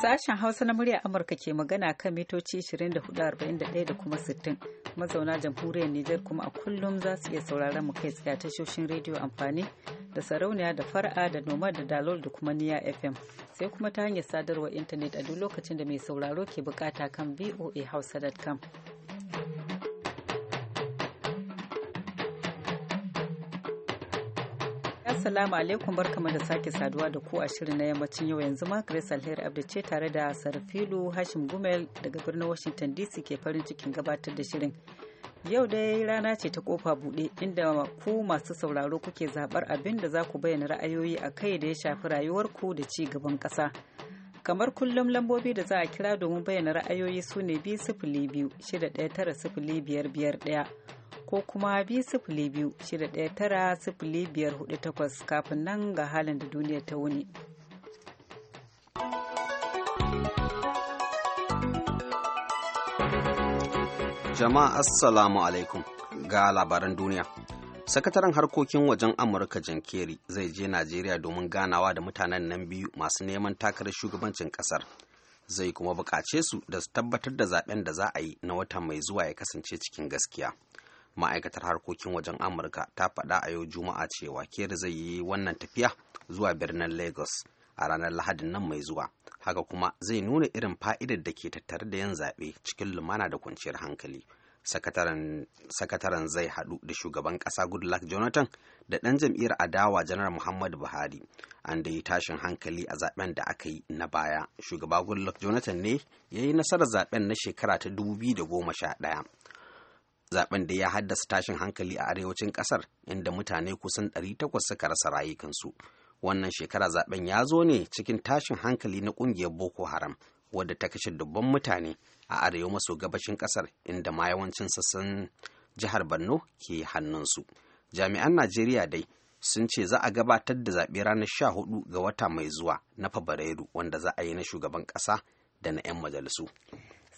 Sashen Hausa na murya Amurka ke magana kan mitoci 24,41 da kuma 60 mazauna jamhuriyar Nijar kuma a kullum za su iya sauraron mu kai tsaye tashoshin rediyo amfani da sarauniya da fara da noma da dalol da kuma niya FM sai kuma ta hanyar sadarwar intanet a duk lokacin da mai sauraro ke bukata kan voa hausa.com Assalamu alaikum barkamu da sake saduwa da ku a shirin na yammacin yau yanzu ma Grace Alheri Abdu ce tare da Sarfilu Hashim Gumel daga birnin Washington DC ke farin cikin gabatar da shirin. Yau dai rana ce ta kofa buɗe inda ku masu sauraro kuke zabar abin da za ku bayyana ra'ayoyi a kai da ya shafi rayuwarku da ci gaban ƙasa. Kamar kullum lambobi da za a kira domin bayyana ra'ayoyi su ne biyu sifili biyu shida ɗaya tara sifili biyar biyar ɗaya. ko kuma biyu sifili sifili shida tara, biyar hudu takwas kafin nan ga halin da duniya ta wuni. Jama'a Assalamu alaikum ga labaran duniya. Sakataren harkokin wajen Amurka jankeri Kerry zai je Najeriya domin ganawa da mutanen nan biyu masu neman takarar shugabancin kasar. Zai kuma buƙace su da su tabbatar da zaben da za a yi na wata mai zuwa ya kasance cikin gaskiya. ma'aikatar harkokin wajen amurka ta faɗa a yau juma'a cewa keri zai yi wannan tafiya zuwa birnin lagos a ranar lahadin nan mai zuwa haka kuma zai nuna irin fa'idar da ke tattare da yin zaɓe cikin lumana da kwanciyar hankali sakataren zai haɗu da shugaban ƙasa goodluck jonathan da ɗan jam'iyyar adawa janar muhammadu buhari an da yi tashin hankali a zaben da aka yi na baya shugaba goodluck jonathan ne ya yi nasarar zaben na shekara ta 2011 zaben da ya haddasa tashin hankali a arewacin kasar inda mutane kusan 800 suka rasa rayukansu wannan shekara zaben ya zo ne cikin tashin hankali na kungiyar boko haram wadda ta kashe dubban mutane a arewa maso gabashin kasar inda ma yawancin sassan jihar borno ke hannunsu jami'an najeriya dai sun ce za a gabatar da zaɓe ranar 14 ga wata mai zuwa na fabrairu wanda za a yi na shugaban ƙasa da na 'yan majalisu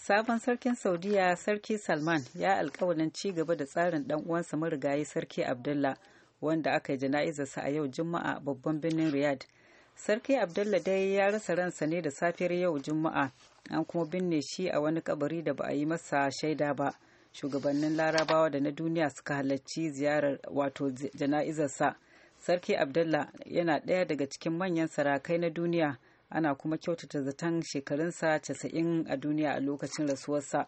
sabon sarkin saudiya sarki salman ya alkawalin ci gaba da tsarin dan uwansa marigayi sarki abdullah wanda aka yi jana'izarsa a yau juma'a babban birnin riyadh sarki abdullah dai ya rasa ransa ne da safiyar yau juma'a an kuma binne shi a wani kabari da ba a yi masa shaida ba shugabannin larabawa da na duniya suka halarci ziyarar wato jana'izarsa sarki abdullah yana ɗaya daga cikin manyan sarakai na duniya ana kuma kyautata zaton shekarunsa 90 a duniya a lokacin rasuwarsa.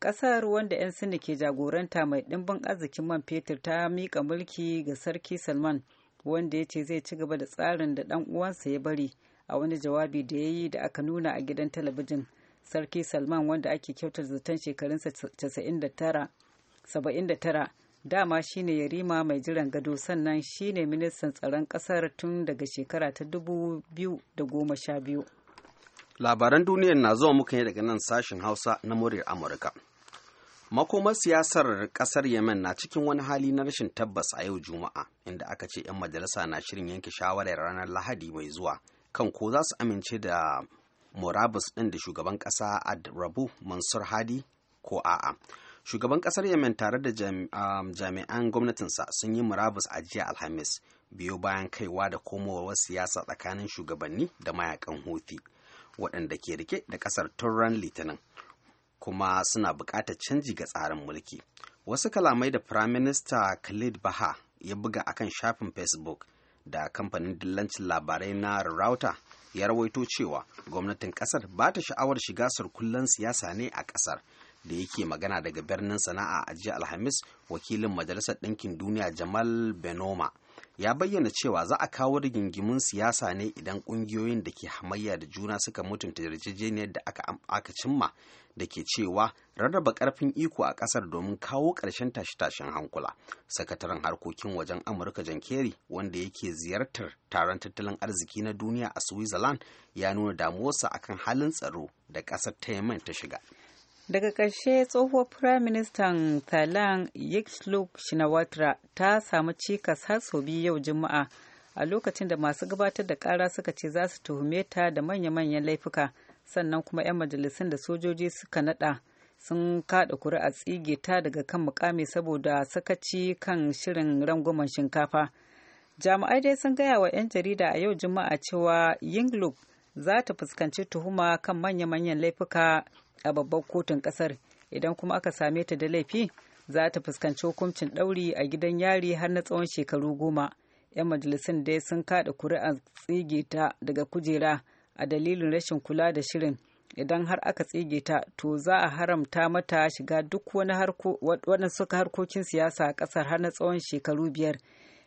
Ƙasar wanda 'yan Sini ke jagoranta mai ɗimbin arzikin man fetur ta miƙa mulki ga Sarki Salman wanda ya ce zai ci gaba da tsarin da ɗan uwansa ya bari a wani jawabi da ya yi da aka nuna a gidan talabijin. Sarki Salman wanda ake kyautata zaton shekarunsa 79 dama shine yarima mai jiran gado sannan shine ministan tsaron kasar tun daga shekara ta da goma sha biyu. labaran duniyar na zuwa muka yi daga nan sashen hausa na muryar amurka makomar siyasar kasar yemen na cikin wani hali na rashin tabbas a yau juma'a inda aka ce 'yan majalisa na shirin yanke shawarar ranar lahadi mai zuwa kan ko za su amince da murabus ɗin da shugaban ƙasa rabu mansur hadi ko a'a shugaban kasar yemen tare da um, jami'an gwamnatinsa sun yi murabus a jiya alhamis biyo bayan kaiwa da komowar siyasa tsakanin shugabanni da mayakan hoti, waɗanda ke rike da kasar turan litinin kuma suna buƙatar canji ga tsarin mulki wasu kalamai da minister khalid baha ya buga a kan shafin facebook da kamfanin dillancin labarai na Rauta ya rawaito cewa gwamnatin kasar ba ta sha'awar shiga surkullen siyasa ne a kasar da yake magana daga birnin sana'a a jiya alhamis wakilin majalisar ɗinkin duniya jamal benoma ya bayyana cewa za a kawo rigingimun siyasa ne idan ƙungiyoyin da ke hamayya da juna suka mutunta yarjejeniyar da aka, aka cimma da ke cewa rarraba ƙarfin iko a ƙasar domin kawo ƙarshen tashe-tashen hankula sakataren harkokin wajen amurka John kerry wanda yake ziyartar taron tattalin arziki na duniya a switzerland ya nuna damuwarsa akan halin tsaro da ƙasar ta yemen ta shiga daga ƙarshe tsohuwar firaministan ministan thailand yingluck shinawatra ta samu cikas har sau biyu yau juma'a a lokacin da masu gabatar da ƙara suka ce za su tuhume ta da manya-manyan laifuka sannan kuma 'yan majalisun da sojoji suka nada sun kuri kuri'a tsige ta daga kan mukami saboda sakaci kan shirin rangwamen shinkafa jami'ai dai sun gaya wa 'yan jarida a yau juma'a cewa yingluck za ta fuskanci tuhuma kan manya-manyan laifuka a babbar kotun kasar idan kuma aka same ta da laifi za ta fuskanci hukuncin ɗauri a gidan yari har na tsawon shekaru goma 'yan majalisun dai sun kada kuri'a tsige ta daga kujera a dalilin rashin kula da shirin idan har aka tsige ta to za a haramta mata shiga duk wani suka harkokin siyasa a ƙasar har na tsawon shekaru biyar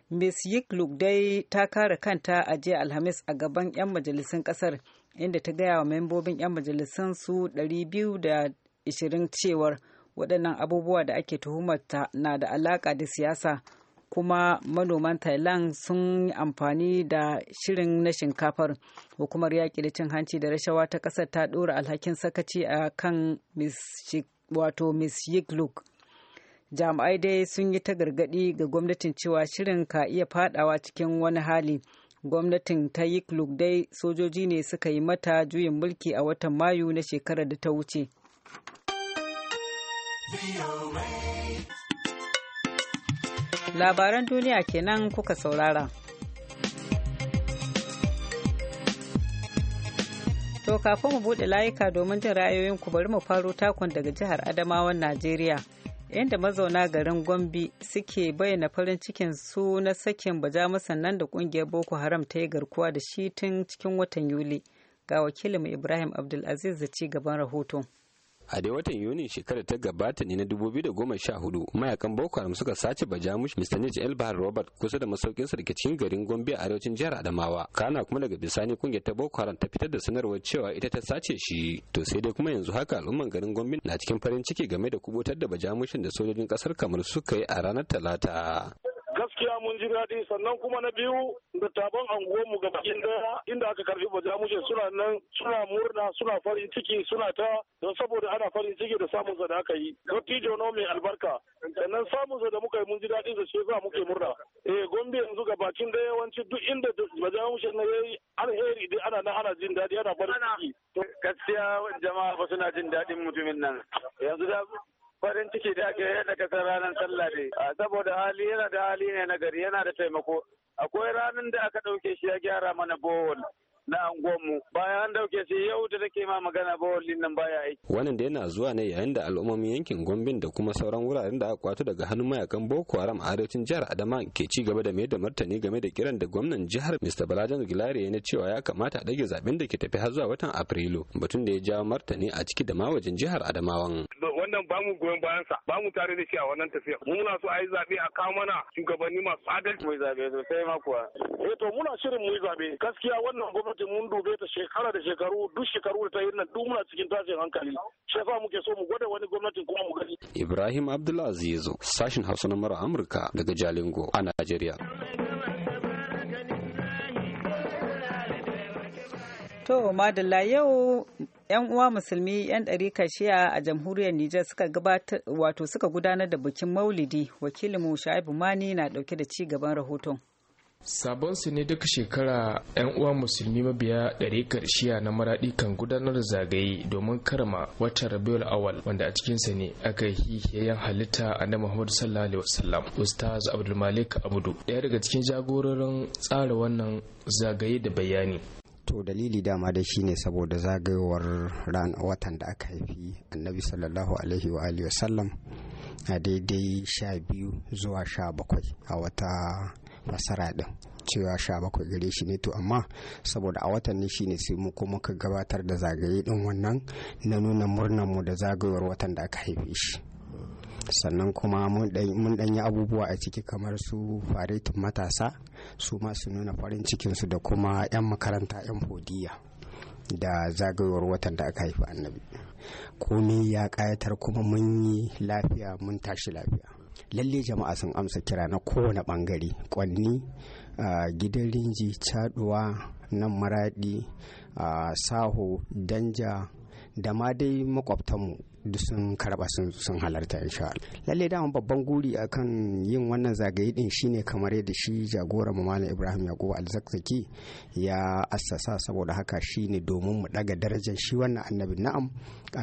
miss yigluk dai ta kare kanta a jiya alhamis a gaban 'yan majalisun ƙasar inda ta gaya wa membobin 'yan majalisun su 220 cewar waɗannan abubuwa da ake tuhumarta na da alaƙa da siyasa kuma manoman thailand sun yi amfani da shirin na shinkafar hukumar yaƙi da cin hanci da rashawa ta ƙasar ta ɗora alhakin sakaci a kan wato miss yigluk jami'ai dai sun yi ta gargaɗi ga gwamnatin cewa shirin ka iya faɗawa cikin wani hali gwamnatin tayyip dai sojoji ne suka yi mata juyin mulki a watan mayu na shekarar da ta wuce labaran duniya kenan kuka saurara to kafin mu buɗe layuka domin jin ra'ayoyinku bari mu faro takon daga jihar adamawan najeriya inda mazauna garin gombe suke bayyana farin cikin su na sakin bajamusan nan da kungiyar boko haram ta yi garkuwa da shi tun cikin watan yuli ga wakilinmu ibrahim abdulaziz da ci gaban rahoton a dai watan yuni shekarar ta gabata ne na 2014 mayakan boko haram suka sace bajamush mr nij el bahar robert kusa da masaukin sarkacin garin gombe a arewacin jihar adamawa kana kuma daga bisani kungiyar ta boko haram ta fitar da sanarwar cewa ita ta sace shi to sai dai kuma yanzu haka al'umman garin gombe na cikin farin ciki game da kubutar da bajamushin da sojojin kasar kamar suka yi a ranar talata ji daɗi sannan kuma na biyu da taban mu ga bakin daya inda aka karfi bajamushe suna nan suna murna suna farin ciki suna ta don saboda ana farin ciki da samun sa da aka yi dattijo no mai albarka sannan samun sa da muka yi mun ji daɗi da shi za muke murna eh gombe yanzu ga bakin daya yawanci duk inda bajamushe na yayi alheri dai ana nan ana jin daɗi ana farin ciki gaskiya jama'a ba suna jin daɗin mutumin nan yanzu da farin ciki da aka yi daga ranar sallah ne saboda hali yana da hali ne na gari yana da taimako akwai ranar da aka dauke shi ya gyara mana bowl na anguwanmu bayan an dauke shi yau da take ma magana ba din nan baya aiki. Wannan da yana zuwa ne yayin da al'ummomin yankin Gombin da kuma sauran wuraren da aka kwato daga hannun mayakan Boko Haram a arewacin jihar Adama ke ci gaba da mai da martani game da kiran da gwamnan jihar Mr. Balajan Gilare na cewa ya kamata a dage zaben da ke tafi har zuwa watan Afrilu batun da ya jawo martani a ciki da ma wajen jihar Adamawan. wannan ba mu goyon bayan sa ba mu tare da shi a wannan tafiya mu muna so a yi zabe a kawo mana shugabanni masu adalci mu zabe sosai ma kuwa eh to muna shirin mu yi zabe gaskiya wannan gwamnati mun dube ta shekara da shekaru duk shekaru da ta yi nan duk muna cikin tashin hankali shi yasa muke so mu gwada wani gwamnatin kuma mu gani Ibrahim Abdulaziz sashin Hausa na mara Amurka daga Jalingo a Najeriya To, Madalla yau 'yan uwa musulmi 'yan ɗarika shiya a jamhuriyar Nijar suka gabatar wato suka gudanar da bikin maulidi wakilinmu Sha'ibu Mani na ɗauke da ci gaban rahoton. sabon su ne duka shekara 'yan uwa musulmi mabiya ɗari karshiya na maraɗi kan gudanar da zagaye domin karama watan rabiul awal wanda a cikinsa ne aka yi yayan halitta a na muhammadu sallallahu alaihi wasallam ustaz abdulmalik abudu ɗaya daga cikin jagororin tsara wannan zagaye da bayani to dalili dama da shine saboda zagayowar ran watan da aka haifi annabi sallallahu alaihi wa alihi wasallam a daidai sha biyu zuwa sha bakwai a wata fasara din cewa sha bakwai gare shi ne to amma saboda a watan ne shine sai mu kuma ka gabatar da zagaye din wannan na nuna murnar mu da zagayowar watan da aka haife shi sannan kuma mun ɗanyi abubuwa a ciki kamar su faretin matasa su masu nuna farin cikinsu da kuma 'yan makaranta 'yan hodiya da zagayowar watan da aka haifi annabi komi ya ƙayatar kuma mun yi lafiya mun tashi lafiya lalle jama'a sun amsa kira na kowane bangare kwanni gidan rinji caduwa nan maradi saho danja da ma dai makwabtanmu duk sun karba sun halarta insha Allah lalle da babban guri akan yin wannan zagaye din shine kamar yadda shi jagoran mu malam Ibrahim Yakubu Al-Zakzaki ya assasa saboda haka shine domin mu daga darajar shi wannan annabi na'am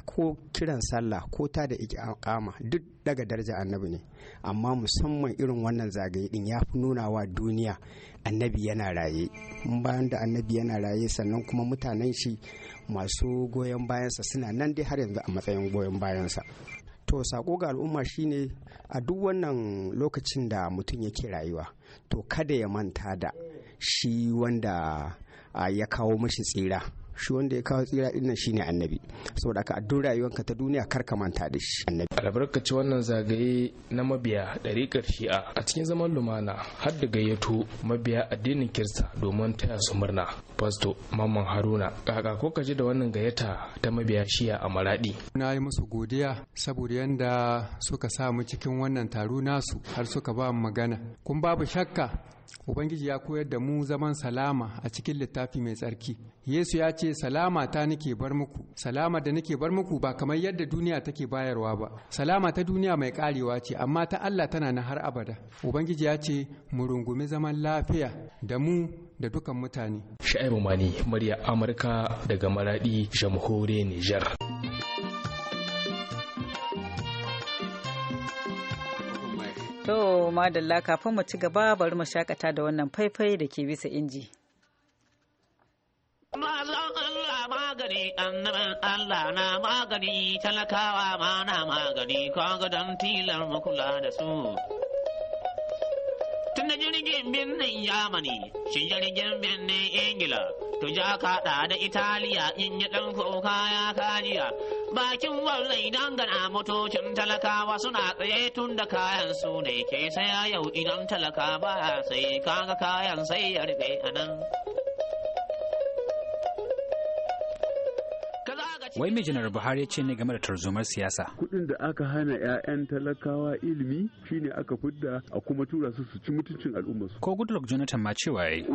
ko kiran sallah ko ta da iqama duk daga darajar annabi ne amma musamman irin wannan zagaye din ya fi nuna wa duniya annabi yana raye mun bayan da annabi yana raye sannan kuma mutanen shi masu goyon bayansa suna nan dai har yanzu a matsayin goyon bayansa to sako ga al'umma shine a duk wannan lokacin da mutum yake rayuwa to kada ya manta da shi wanda ya kawo mashi tsira shi wanda ya kawo tsira dinnan shine annabi saboda ka addun rayuwanka ta duniya kar ka manta da shi annabi albarkaci wannan zagaye na mabiya ɗariƙar shi'a a cikin zaman lumana har da gayyato mabiya addinin kirista domin taya su murna Pasto Mamman Haruna kaka ko ka ji da wannan gayyata ta mabiya shiya a Maradi. Na yi musu godiya saboda yanda suka sa mu cikin wannan taro nasu har suka ba magana. Kun babu shakka ubangiji ya koyar da mu zaman salama a cikin littafi mai tsarki yesu ya ce salama ta nake bar muku salama da nake bar muku ba kamar yadda duniya take bayarwa ba salama ta duniya mai karewa ce amma ta allah tana na har abada ubangiji ya ce mu rungumi zaman lafiya da mu da dukan mutane sha'ibu mani murya amurka daga maraɗi jamhuriyar nijar To madalla kafin mu ci gaba bari mu shakata da wannan faifai da ke bisa inji. Mazan Allah magani, annaban Allah na magani, talakawa ma na magani, kaga don tilar makula da su. Tun da jirgin birnin Yamani, shi jirgin birnin Ingila, tujaka da da Italiya in yi ɗan kuka ya kariya. bakin wanda idan gana motocin talakawa suna tsaye tun da kayan su ne ke saya yau idan talaka ba sai kaga kayan sai ya rufe a nan. wai mai janar buhari ce ne game da tarzomar siyasa kudin da aka hana 'ya'yan talakawa ilimi shine aka fidda a kuma tura su su ci mutuncin al'ummarsu ko goodluck jonathan ma cewa yayi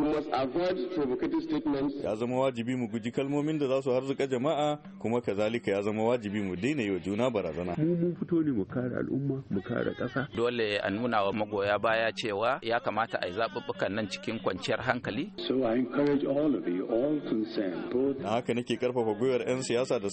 ya zama wajibi mu guji kalmomin da za su harzuka jama'a kuma kazalika ya zama wajibi mu daina yi wa juna barazana mu mun fito ne mu kare al'umma mu kare kasa dole a nuna wa magoya baya cewa ya kamata a yi zaɓuɓɓukan nan cikin kwanciyar hankali so i encourage all of you all concerned haka nake karfafa gwiwar 'yan siyasa da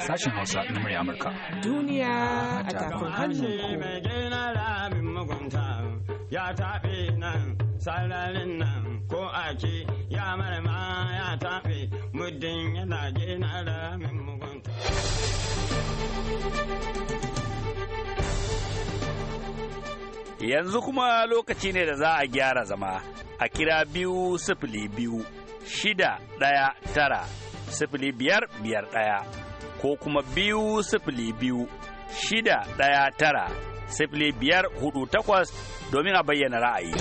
sashen hausa na murya amurka duniya ah, a tafin hannunku ya tafi nan sararin nan ko ake ya marama ya tafi muddin yana gina ramin mugunta yanzu kuma lokaci ne da za a gyara zama a kira biyu sifili biyu shida ɗaya tara sifili biyar biyar ɗaya ko kuma biyu sifili biyu shida ɗaya tara sifili biyar hudu takwas domin a bayyana ra'ayi.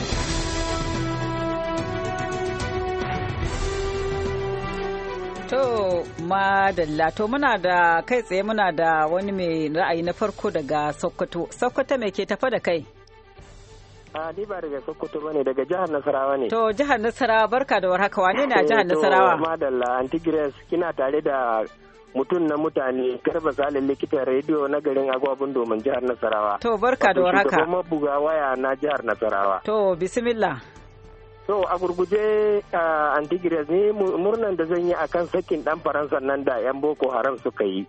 To madalla to muna da kai tsaye muna da wani mai ra'ayi na farko daga Sokoto. Sokoto mai ke tafa da kai? A ah, ni ba daga Sokoto ba ne daga jihar Nasarawa ne. To jihar Nasarawa barka da warhaka wane ne eh, jihar Nasarawa? Madalla Anti Grace kina tare da mutum na mutane garba salin likitan rediyo na garin agwabin domin jihar nasarawa to barka da waraka shugaban mabuga waya na jihar nasarawa to bismillah to a gurguje a antigres ne murnan da zan yi a kan sakin dan faransa nan da yan boko haram suka yi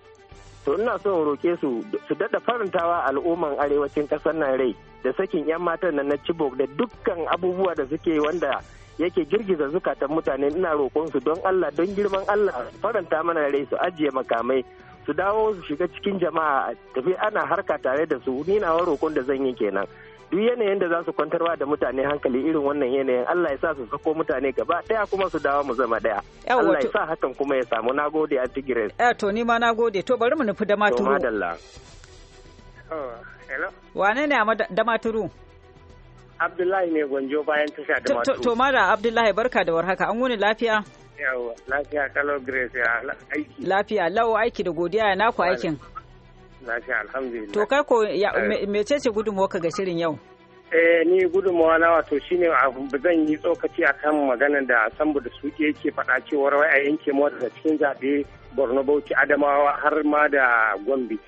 to ina son roke su su dada farantawa al'umman arewacin kasar nan rai da sakin yan matan nan na chibok da dukkan abubuwa da suke wanda yake girgiza zukatan mutane ina roƙon su don Allah don girman Allah faranta mana rai su ajiye makamai su dawo su shiga cikin jama'a tafi ana harka tare da su ni nawa roƙon da zan yi kenan duk yanayin da za su kwantarwa da mutane hankali irin wannan yanayin Allah ya sa su sako mutane gaba daya kuma su dawo mu zama daya Allah ya sa hakan kuma ya samu nagode a tigire eh to ni ma nagode to bari mu nufi da maturu to madalla oh, wane ne a da maturu Abdullahi ne gwanjo bayan tasha da matu. To mara Abdullahi barka da warhaka an wuni lafiya? Yawa lafiya kalau Grace ya aiki. Lafiya lau aiki da godiya ya naku aikin. Lafiya alhamdulillah. To kai ko eh. ce gudunmuwa ka ga shirin yau? Eh ni gudunmawa na wato shine zan yi tsokaci akan maganar da Sambu da suke yake faɗa cewar wai a yanke mota da cikin zaɓe Borno Bauchi Adamawa har ma da Gombe.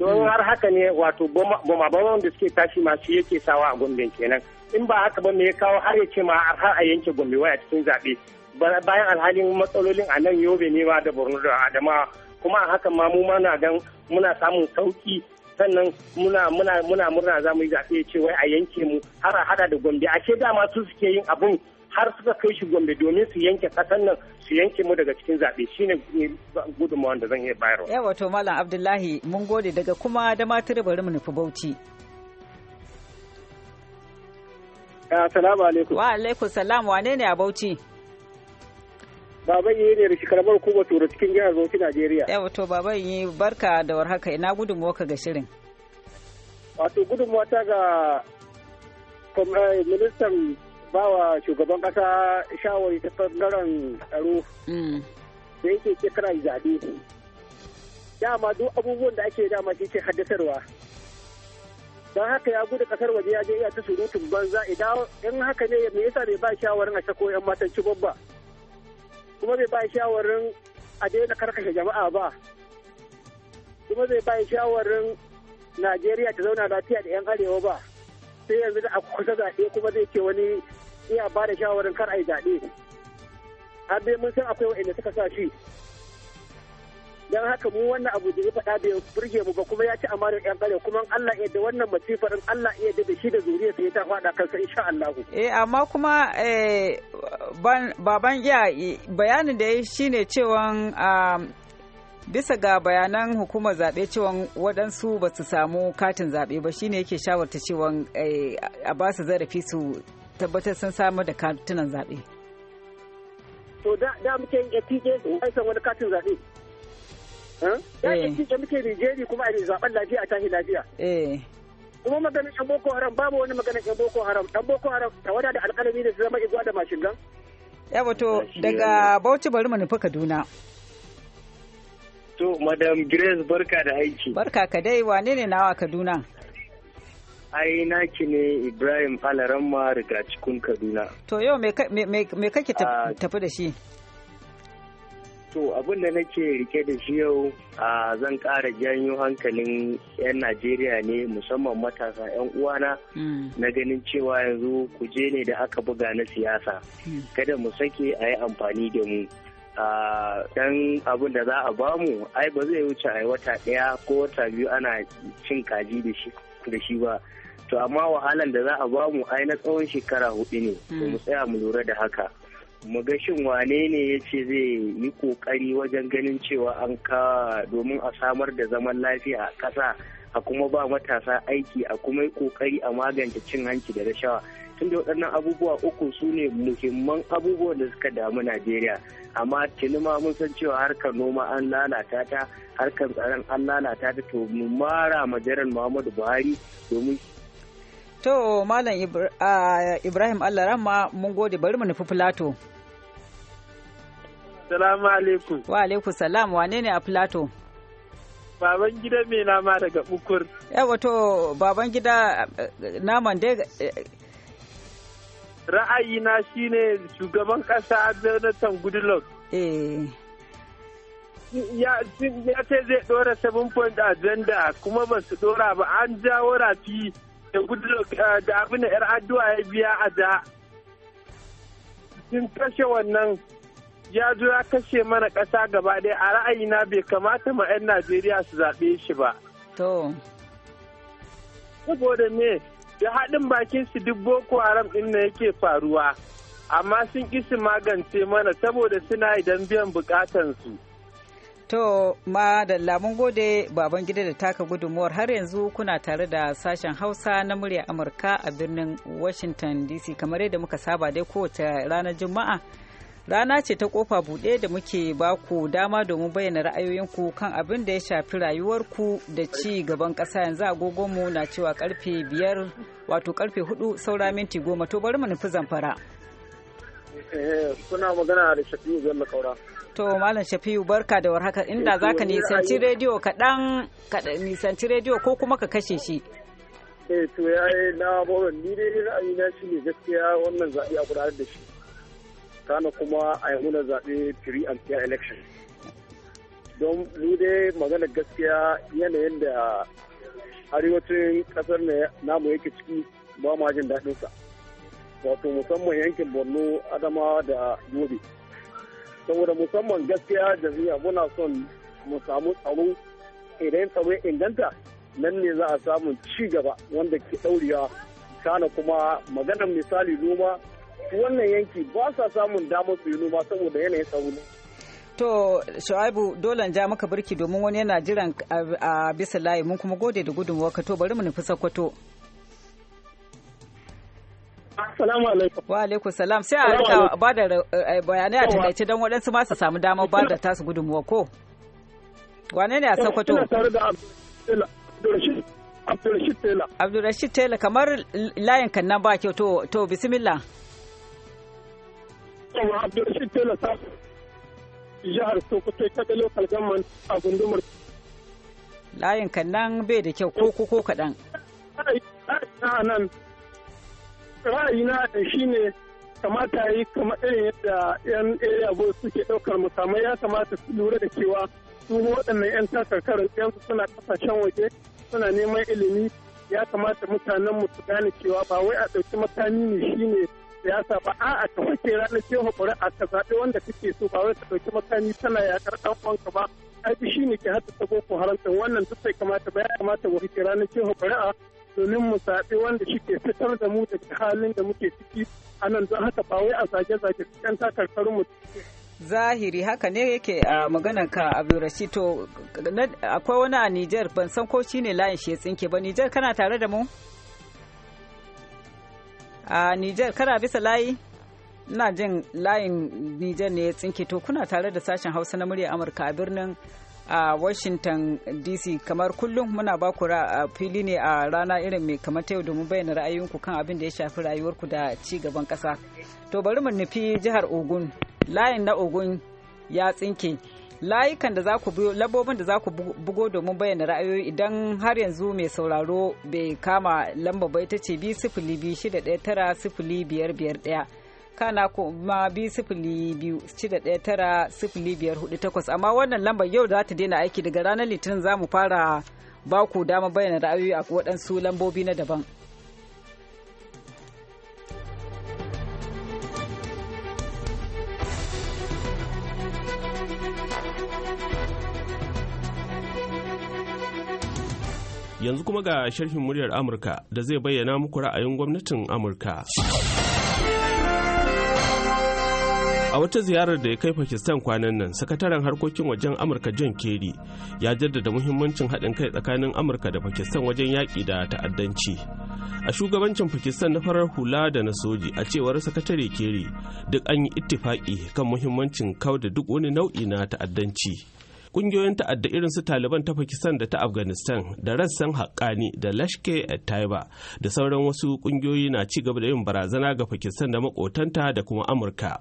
don har haka ne wato boma boma da suke tashi masu yake sawa a gombe kenan in ba haka ba me ya kawo har ya ce ma har a yanke gombe waya cikin zaɓe bayan alhalin matsalolin a nan yobe ne ma da borno da adama kuma a haka ma mu na gan muna samun sauki sannan muna muna muna murna za mu yi zaɓe ce wai a yanke mu har a hada da gombe ashe dama su suke yin abun har suka kai shi gombe domin su yanke kasan nan su yanke mu daga cikin zaɓe shine eh, gudunmawar da zan iya bayarwa. Yawa wato Malam Abdullahi mun gode daga kuma da matar bari mu nufi Bauchi. Assalamu alaikum. Wa alaikum salam wane ne a Bauchi? Baban yi ne da shekarar kuma tura cikin jihar Bauchi Najeriya. Yawa wato baban yi barka da warhaka ina gudunmawa ka ga shirin. Wato gudunmawa ta ga eh, ministan ba wa shugaban kasa shawari ta bangaren tsaro mm. da yake kira zaɓe dama duk abubuwan da ake dama shi ke haddasarwa don haka ya gudu kasar waje ya je iya ta surutun banza idan in haka ne me yasa bai ba shawarin a sako yan matan ci kuma bai ba shawarin a daina karkashe jama'a ba kuma bai ba shawarin najeriya ta zauna lafiya da yan arewa ba sai yanzu da a kusa zaɓe kuma zai ke wani sai a ba da shawarin kar a yi zaɓe har dai mun san akwai waɗanda suka sa shi don haka mu wannan abu da ya faɗa bai burge mu ba kuma ya ci amanar yan ƙare kuma Allah ya da wannan masifar Allah ya da shi da zuriya sai ta faɗa kansa insha Allah eh amma kuma eh, baban iya bayanin da ya shine cewa um, bisa ga bayanan hukumar zaɓe cewa waɗansu ba su samu katin zaɓe ba shine yake shawarta cewa eh, a ba su zarafi su tabbatar sun samar da katunan zaɓe. To da muke yin ATJ su aisan wani katin zaɓe. Da eh. ATJ muke Nijeri kuma a zaɓen lafiya a tashi lafiya. Eh. Kuma maganin ɗan Boko Haram babu wani maganin ɗan Boko Haram. Ɗan Boko Haram tawada da alƙalami da su zama igwa da mashin gan. Yawa to daga Bauchi bari mu nufi Kaduna. To Madam Grace barka da aiki. Barka ka dai wane ne nawa Kaduna? ai naki ne ibrahim ma riga cikin kaduna to yau me kake ah. tafi da shi to abin da nake rike da shi yau a zan kara janyo hankalin 'yan najeriya ne musamman matasa 'yan uwana hmm. na ganin cewa yanzu kuje ne da aka buga na siyasa hmm. kada mu sake a yi amfani da mu dan abun da za a bamu ai ba zai wuce a wata ɗaya ko wata biyu ana cin kaji da shi ba to amma wahalan da za a ba mu ai na tsawon shekara hudu ne mu hmm. tsaya mu lura da haka mu ga shin wane ne ya ce zai yi kokari wajen ganin cewa an ka domin a samar da zaman lafiya a ƙasa a kuma ba matasa aiki a kuma yi kokari a magance cin hanci da rashawa tunda waɗannan abubuwa uku su ne muhimman abubuwan da suka damu najeriya amma tuni ma mun san cewa harkar noma an lalata ta harkar tsaron an lalata ta to mu mara ma muhammadu buhari domin To Malam Ibrahim Allah rahma mun gode bari mu nufi Filato. Salamu alaikum. Wa alaikum salam wane ne a Filato? Baban gida mai nama daga Bukur. Yawa to baban gida naman dai shi eh, shine shugaban kasa Jonathan Goodluck. Eh. ya ce zai dora 7 point agenda kuma ba su dora ba an jawo rafi da abin da yar addu'a ya biya a da sun kashe wannan ya zo ya kashe mana ƙasa gaba ɗaya a ra'ayina bai kamata ma 'yan najeriya su zaɓe shi ba to saboda me da haɗin bakin su duk boko haram ɗin na yake faruwa amma sun ƙi su magance mana saboda suna idan biyan buƙatansu. su To, ma da lamun gode baban gida da taka gudunmuwar har yanzu kuna tare da sashen Hausa na murya Amurka a birnin Washington DC kamar yadda muka saba dai kowace ranar Juma'a. Rana ce ta kofa buɗe da muke ba ku dama domin bayyana ra'ayoyinku kan abin da ya shafi rayuwarku da ci gaban ƙasa yanzu mu na cewa karfe biyar wato karfe hudu saura minti goma to bari mu nufi zamfara. Eh, kuna magana da Shafi'u Bello Kaura. To Malam Shafiu barka da warhaka inda za ka nisanci rediyo kaɗan nisanci rediyo ko kuma ka kashe shi. Eh to ya yi na bawon ni dai ra'ayi na shi ne gaskiya wannan zaɓe a gudanar da shi. Kana kuma a yi muna zaɓe free and fair election. Don ni dai magana gaskiya yanayin da arewacin ƙasar namu yake ciki ba ma jin daɗinsa. Wato musamman yankin Borno, Adama da Yobe. saboda musamman gaskiya jami'a muna son mu samu tsaro idan tsaro inganta nan ne za a samu ci gaba wanda ke ɗaurewa kana kuma maganar misali noma wannan yanki ba sa samun damar su yi noma saboda yanayin tsaro To, Shu'aibu, dole ja maka birki domin wani yana jiran a bisa layi mun kuma gode da gudunmuwa ka to bari mu nufi Sokoto. Assalamu Wa alaikum salam. Sai a rika ba da bayanai a takaice don waɗansu ma su samu damar ba da tasu gudunmuwa ko? Wane ne a Sokoto? Ina tare da Abdulrashid Abdulrashid kamar layin kan nan ba kyau to to bismillah. Yawa Abdulrashid ta jihar Sokoto ta a Layin kan bai da kyau ko ko kaɗan. ra'ayina ne kamata yi kama irin yadda 'yan area boys suke ɗaukar musamman ya kamata su lura da cewa su waɗannan 'yan takarkarar yansu suna kasashen waje suna neman ilimi ya kamata mutanen mu su gane cewa ba wai a ɗauki makami ne shi ya siyasa ba a'a ka wace ranar hukuri a ka zaɓi wanda kake so ba wai ka ɗauki makami tana yaƙar ɗan uwanka ba ai shi ne ke haddasa boko haramta wannan duk bai kamata ba ya kamata wace ranar hukuri a. domin mu saɓi wanda ke fitar da mu daga halin da muke ciki a nan don haka ba wai a zage-zage cikin takarkarin mu zahiri haka ne yake a maganar ka rashi to akwai wani a niger ban san ko shine layin shi ya tsinke ba niger kana tare da mu a niger kana bisa layi ina jin layin niger ne ya tsinke to kuna tare da sashen hausa na murya amurka a birnin a washington dc kamar kullum muna baku fili ne a rana irin mai kamar ta yau domin bayyana ra'ayinku kan abin da ya shafi rayuwarku da ci gaban ƙasa to bari mu nufi jihar ogun layin na ogun ya tsinke layukan da za ku biyo lambobin da za ku bugo domin bayyana ra'ayoyi idan har yanzu mai sauraro bai kama lamba ba ita ce biyu sifili biyu shida ɗaya tara sifili biyar biyar ɗaya kana kuma bi sifili biyu shida ɗaya tara sifili biyar hudu takwas amma wannan lambar yau za ta daina aiki daga ranar litinin za mu fara ba ku dama bayyana ra'ayoyi a waɗansu lambobi na daban. Yanzu kuma ga sharhin muryar Amurka da zai bayyana muku ra'ayin gwamnatin Amurka. a wata ziyarar da ya kai pakistan kwanan nan sakataren harkokin wajen amurka john kerry ya jaddada muhimmancin haɗin kai tsakanin amurka da pakistan wajen yaƙi da ta'addanci a shugabancin pakistan na farar hula da na soji a cewar sakatare kerry duk an yi ittifaƙi kan muhimmancin da duk wani nau'i na ta'addanci kungiyoyin ta'adda irin su taliban ta pakistan da ta afghanistan da rassan haƙƙani da lashke taiba da sauran wasu kungiyoyi na ci gaba da yin barazana ga pakistan da makotanta da kuma amurka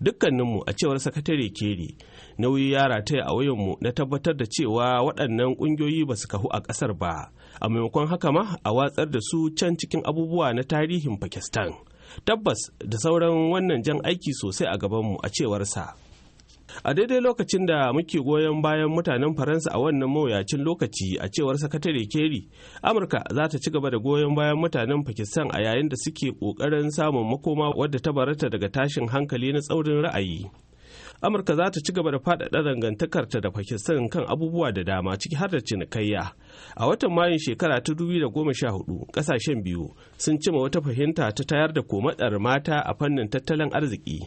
dukkaninmu a cewar sakatare keri nauyi ya rataya a wayanmu na tabbatar da cewa waɗannan ƙungiyoyi ba su kahu a ƙasar ba a maimakon haka ma a watsar da su can cikin abubuwa na tarihin pakistan tabbas da sauran wannan jan aiki sosai a gabanmu a cewarsa a daidai lokacin da muke goyon bayan mutanen faransa a wannan mawuyacin lokaci a cewar sakatare keri amurka za ta ci gaba da goyon bayan mutanen pakistan a yayin da suke kokarin samun makoma wadda ta barata daga tashin hankali na tsaurin ra'ayi amurka za ta ci gaba da faɗaɗa dangantakarta da pakistan kan abubuwa da dama ciki har da cinikayya a watan mayun shekara ta da goma sha hudu, ƙasashen biyu sun cima wata fahimta ta tayar da komaɗar mata a fannin tattalin arziki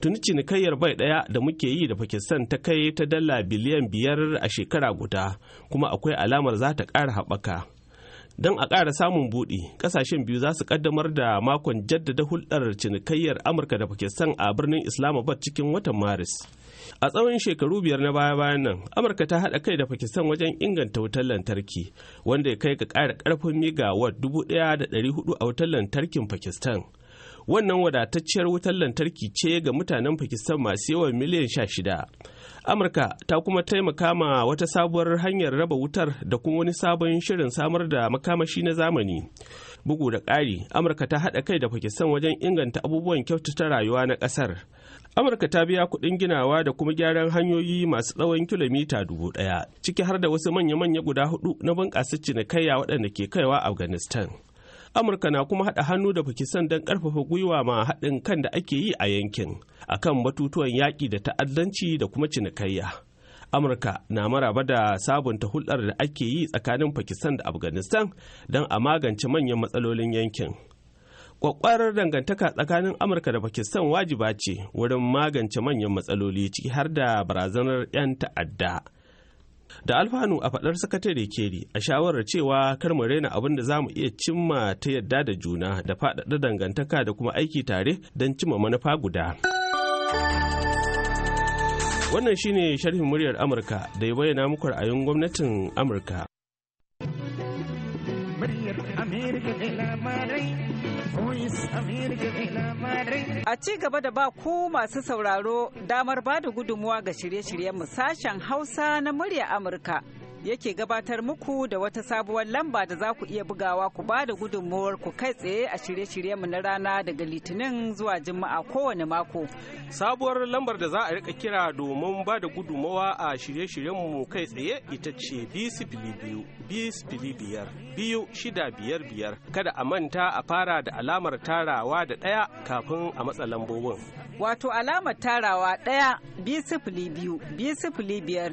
tuni cinikayyar bai ɗaya da muke yi da pakistan ta kai ta dala biliyan biyar a shekara guda kuma akwai alamar za ta ƙara haɓaka don a ƙara samun buɗi ƙasashen biyu za su ƙaddamar da makon jaddada hulɗar cinikayyar amurka da pakistan a birnin islamabad cikin watan maris a tsawon shekaru biyar na baya-bayan nan amurka ta haɗa kai da pakistan wajen inganta wutar lantarki wanda ya kai ga ƙara ƙarfin megawatt 1,400 a wutar lantarkin pakistan wannan wadatacciyar wutar lantarki ce ga mutanen pakistan masu yawan miliyan sha shida. amurka ta kuma taimaka ma wata sabuwar hanyar raba wutar da kuma wani sabon shirin samar da makamashi na zamani bugu da ƙari amurka ta haɗa kai da pakistan wajen inganta abubuwan kyautata rayuwa na ƙasar amurka ta biya kuɗin ginawa da kuma gyaran hanyoyi masu tsawon kilomita dubu ɗaya ciki har da wasu manya-manya guda hudu na bunƙasa cinikayya waɗanda ke kaiwa afghanistan amurka na kuma haɗa hannu da pakistan don ƙarfafa gwiwa ma haɗin kan da ake yi a yankin akan batutuwan yaƙi da ta'addanci da kuma cinikayya amurka na maraba da sabunta hulɗar da ake yi tsakanin pakistan da afghanistan don a magance manyan matsalolin yankin kwakwarar dangantaka tsakanin amurka da pakistan wajiba ce wurin magance manyan matsaloli ciki har da barazanar 'yan ta'adda da alfanu a faɗar sakatare keri a shawarar cewa kar mu raina abin da za mu iya cimma ta yadda da juna da faɗaɗa dangantaka da kuma aiki tare don cimma manufa guda wannan shine sharhin muryar amurka da ya bayyana muku ra'ayin gwamnatin amurka A ci gaba da ba ku masu sauraro damar ba da gudunmuwa ga shirye-shiryen mu sashen Hausa na murya Amurka. yake gabatar muku da wata sabuwar lamba da za ku iya bugawa ku ba da gudunmuwar ku kai tsaye a shirye-shiryenmu na rana daga litinin zuwa juma'a kowane mako. Sabuwar lambar da za a rika kira domin ba da gudunmuwa a shirye-shiryenmu kai tsaye ita ce biyar kada a manta a fara da alamar tarawa da ɗaya kafin a matsa lambobin. Wato alamar tarawa ɗaya biyu sifili biyu biyu sifili biyar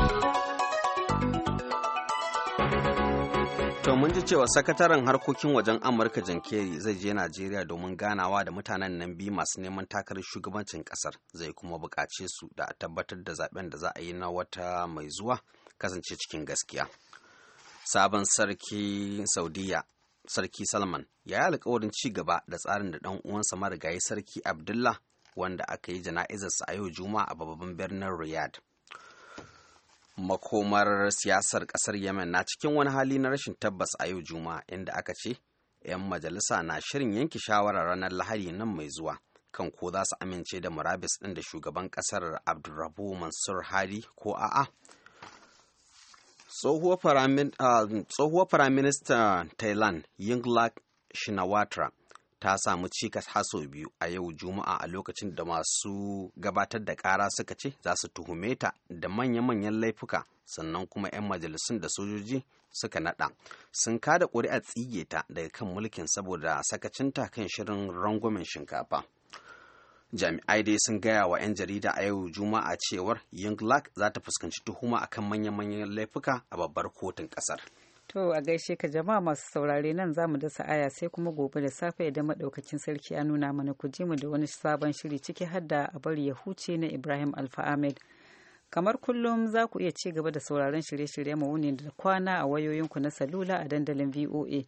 To mun ji cewa sakataren harkokin wajen Amurka Jankeri zai je Najeriya domin ganawa da mutanen nan biyu masu neman takarar shugabancin kasar zai kuma buƙace su da a tabbatar da zaben da za a yi na wata mai zuwa kasance cikin gaskiya. Sabon sarki Saudiya Sarki Salman ya yi alkawarin ci gaba da tsarin da ɗan uwansa marigayi Sarki Abdullah wanda aka yi jana'izarsa a yau Juma'a a babban birnin Riyadh. makomar siyasar kasar yemen na cikin wani hali na rashin tabbas a yau juma'a inda aka ce 'yan majalisa na shirin yanke shawarar ranar lahadi nan mai zuwa kan ko za su amince da murabis ɗin da shugaban kasar abdurrabu mansur hari ko a'a tsohuwar ah, firaminista thailand yingluck shinawatra ta samu cikas haso biyu a yau juma'a a lokacin da masu gabatar da ƙara suka ce za su tuhume ta da manya-manyan laifuka sannan kuma 'yan majalisun da sojoji suka nada sun kada ƙuri'a tsige ta daga kan mulkin saboda sakacinta kan shirin rangwamen shinkafa jami'ai dai sun gaya wa 'yan jarida a yau juma'a cewar yingluck za ta fuskanci tuhuma akan manya-manyan laifuka a babbar kotun ƙasar. To a gaishe ka jama'a masu saurare nan za mu dasa aya sai kuma gobe da safe da maɗaukacin sarki ya nuna mana ku mu da wani sabon shiri ciki har da a bari ya huce na Ibrahim Alfa Ahmed. Kamar kullum za ku iya ci gaba da sauraron shirye-shirye mu wuni da kwana a wayoyinku na salula a dandalin VOA.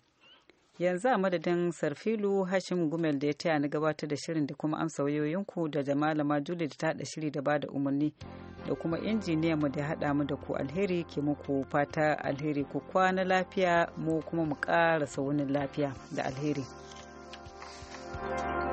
yanzu a madadin sarfilu hashim gumel da ya taya na gabatar da shirin da kuma amsa wayoyinku da jamalama juli da ta haɗa shiri da bada umarni da kuma injiniya mu da ya haɗa mu da ku alheri ke muku fata alheri ku kwana lafiya mu kuma mu ƙara saunin lafiya da alheri. thank you